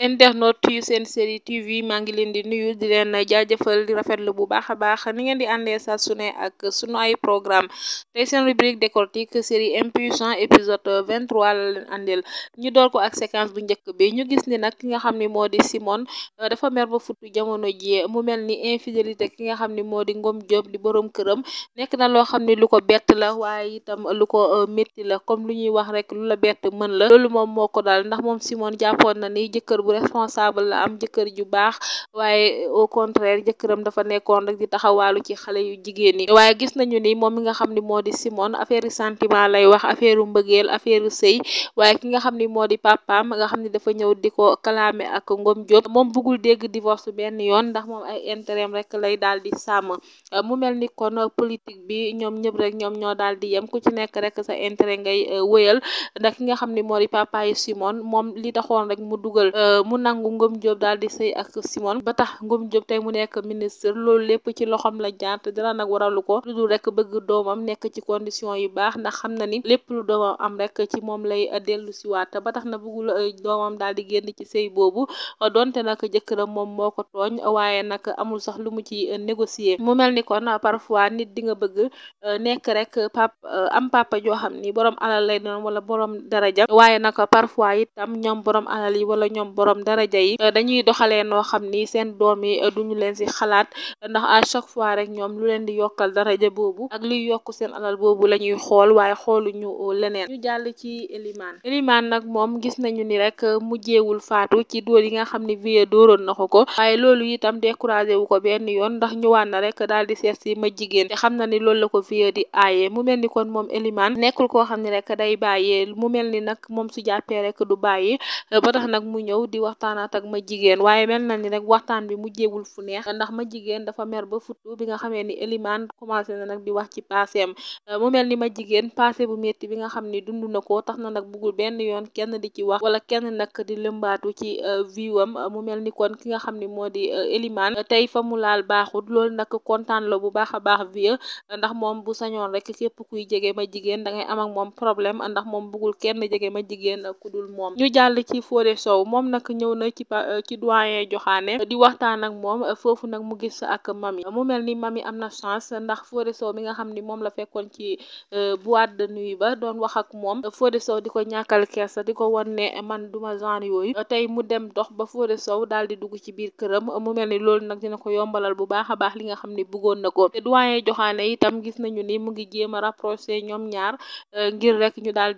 internet yu seen série tv maa ngi leen di nuyu di leen jaajëfal di rafet lu bu baax a baax ni ngeen di àndee saa su ne ak sunu ay programme tey seen rubrique décortique série impuissant épisode 23 la leen àndeel ñu dool ko ak séquence bu njëkk bi ñu gis ni nag ki nga xam ni moo di Simone euh, dafa mer ba futtu jamono ji mu mel ni infidélité ki nga xam ni moo di Ngom Diop di boroom këram nekk na loo xam ni lu ko bett la waaye itam lu ko euh, metti la comme lu ñuy wax rek lu la bett mën la loolu moom moo ko daal ndax moom Simone jàppoon na ni jëkkër bu responsable la am jëkkër ju baax waaye au contraire jëkkëram dafa nekkoon rek di taxawaalu ci xale yu jigéen ñi waaye gis nañu ni moom mi nga xam ni moo di Simone affaire sentiment lay wax affaire mbëggeel affaire sëy waaye ki nga xam ni moo di papaam nga xam ni dafa ñëw di ko kalaame ak Ngom Diop moom bëggul dégg divorce benn yoon ndax moom ay intérêt rek lay daal di sàmm mu mel ni kon politique bi ñoom ñëpp ñoom ñoo daal di yem ku ci nekk rek sa intérêt ngay euh, wëyal li taxoon rek mu dugal euh, mu nangu Ngom Diop daal di sëy ak Simone ba tax Ngom Diop tey mu nekk ministre loolu lépp ci loxom la jaar te dara nag waralu ko lu dul rek bëgg doomam nekk ci condition yu baax ndax xam na ni lépp lu doomam am rek ci moom lay dellu si waat ba tax na bëggul euh, doomam dal di génn ci sëy boobu donte nag jëkkëram moom moo ko tooñ waaye nag amul sax lu mu ci euh, négocier mu mel ni kon parfois nit di bëgg euh, nekk rek am papa joo ni borom alal lay doon wala borom daraja waaye nag parfois itam ñoom borom alal yi borom daraja yi dañuy doxalee noo xam ni seen doom yi ñu leen si xalaat ndax à chaque fois rek ñoom lu leen di yokkal daraja boobu ak luy yokk seen alal boobu la ñuy xool waaye xoolu ñu leneen ñu jàll ci Elimane Elimane nag moom gis nañu ni rek mujjeewul faatu ci dóor yi nga xam ni vie dóoroon na ko ko waaye loolu itam découragé wu ko benn yoon ndax ñëwaan na rek daal di seet si ma jigéen te xam na ni lool la ko vie di aaye mu mel ni kon moom Elimane nekkul koo xam ni rek day bàyyee mu di waxtaanaat ak ma jigéen waaye mel na ni rek waxtaan bi mu jegul fu neex ndax ma jigéen dafa mer ba futtu bi nga xamee ni Elimane commencé na nag di wax ci paaseem euh, mu mel ni ma jigéen passé bu métti bi nga xam ni dund na ko tax na nag bugul benn yoon kenn di ci wax wala kenn nag di lëmbaatu ci euh, viwam euh, mu mel ni kon ki nga xam ni moo di Elimane tey fa mu laal baaxut lool nag kontaan la bu baax a baax vie ndax moom bu sañoon rek képp kuy jege ma jigéen da ngay am ak moom problème ndax moom bugul kenn jege ma jigéen ku dul moom ñu jàll ci Fodé Sow moom nag ñëw na ci euh, ci doyen Joxaane di waxtaan ak moom euh, foofu nag mu gis ak mami mu mel ni mami am na chance ndax Fodé Sow mi nga xam ni moom la fekkoon ci euh, boîte de nuit ba doon wax ak moom Fodé Sow di ko ñàkkal kersa di ko wan ne man duma genre yooyu tey mu dem dox ba Fodé Sow daal di dugg ci biir këram mu mel ni loolu nag dina ko yombalal bu baax a baax li nga xam ni bëggoon na ko te doyen Joxaane itam gis nañu ni mu ngi jéem a ñoom ñaar ngir rek ñu daal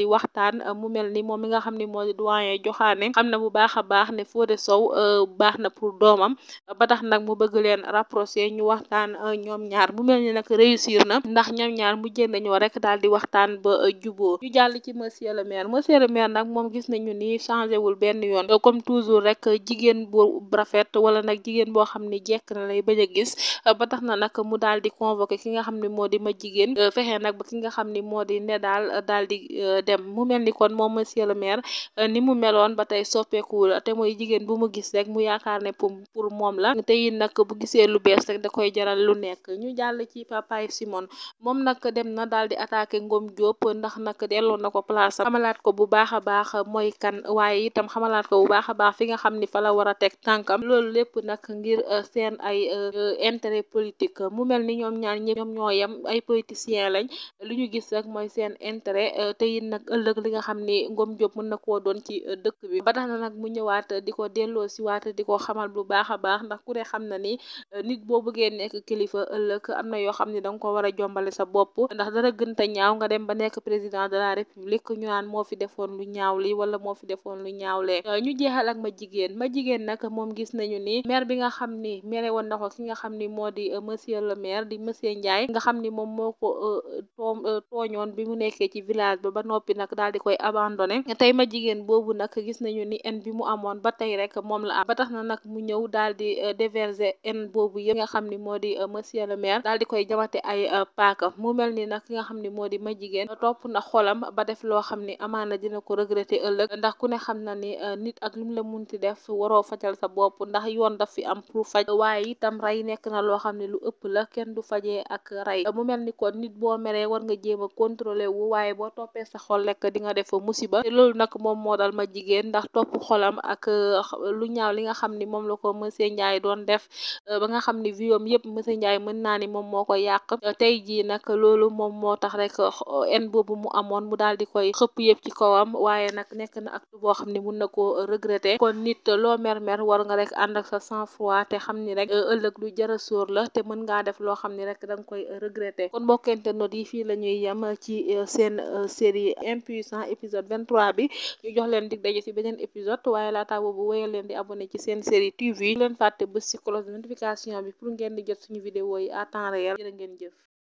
baax ne Fodé euh, baax na pour doomam ba tax nag mu bëgg leen rapproché ñu waxtaan euh, ñoom ñaar mu mel ni nag réussir na ndax ñoom ñaar mujjee nañoo rek daal di waxtaan ba euh, juboo ñu jàll ci monsieur le maire monsieur le maire nag moom gis nañu ni changé wul benn yoon comme toujours rek jigéen bo rafet wala nag jigéen boo xam ni jekk na lay bañ a gis ba tax na nag mu daal di convoqué ki nga xam ne moo di ma jigéen fexe nag ki nga xam ni moo di ne daal daal di dem mu mel ni kon moom monsieur le te muy jigéen bu mu gis rek mu yaakaar ne pour moom la te it nag bu gisee lu bees rek da koy jaral lu nekk ñu jàll ci Papaye Simon moom nag dem na daal di attaqué Ngom Diop ndax nag delloo na ko place am xamalaat ko bu baax a baax mooy kan waaye itam xamalaat ko bu baax a baax fi nga xam ni fa la war a teg tànkam loolu lépp nag ngir euh, seen ay euh, euh, intérêt politique mu mel ni ñoom ñaar ñëpp ñoom ñoo yem ay politicien lañ lu ñu gis rek mooy seen intérêt te it nag ëllëg li nga xam ni Ngom Diop mën na koo doon ci dëkk bi ba na nag mu ñëwaat waat di ko delloo si waat di ko xamal bu baax a baax ndax ku ne xam na ni eh, nit boo bëggee nekk kilifa ëllëg am na yoo xam ne danga ko war a jombale sa bopp ndax dara gën te ñaaw nga dem ba nekk président de la république ñu naan moo fi defoon lu ñaaw li wala moo fi defoon lu ñaawlee eh, ñu jeexal ak ma jigéen ma jigéen nag moom gis nañu ni maire bi nga xam ni maire woon na ko ki nga xam ni moo di eh, monsieur le maire di monsieur Ndiaye nga xam ni moom moo ko tooñoon bi mu nekkee ci village ba ba noppi nag daal di koy abandonné amoon ba tey rek moom la am ba tax na nag mu ñëw daal di euh, déverser boobu yëpp nga xam ni moo di euh, monsieur le maire daal di koy jamate ay euh, paaka mu mel ni nag ki nga xam ni moo di ma jigéen topp na xolam ba def loo xam ni amaana dina ko regretter ëllëg ndax ku ne xam na ni nit ak lu mu la munti def waroo fajal sa bopp ndax yoon daf fi am pour faj waaye itam rey nekk na loo xam ne lu ëpp la kenn du fajee ak rey mu mel ni kon nit boo meree war nga jéem a contrôler wu waaye boo toppee sa xol lekk di nga def musiba moom dal ma jigéen ndax topp xolam ak eh, lu ñaaw li nga xam ni moom la ko monsieur Ndiaye doon def eh, ba nga xam ni viom yëpp monsieur Ndiaye mën naa ni moom moo ko yàq tey jii nag loolu moom moo tax rek en eh, boobu mu amoon mu daal di koy xëpp yëpp ci kawam waaye nag nekk na ak boo xam ni mun na koo regretter kon nit loo mer-mer war nga rek ànd ak sa fois te xam ni rek ëllëg lu jar a la te mën ngaa def loo xam ni rek da nga koy regretter kon mbokk internautes yi fii la ñuy ci seen série impuissant épisode bi laata boobu woy leen di abonné ci seen série TV leen fàtte bës ci cloche notification bi pour ngeen di jot suñu vidéo yi à temps réel jërë jëf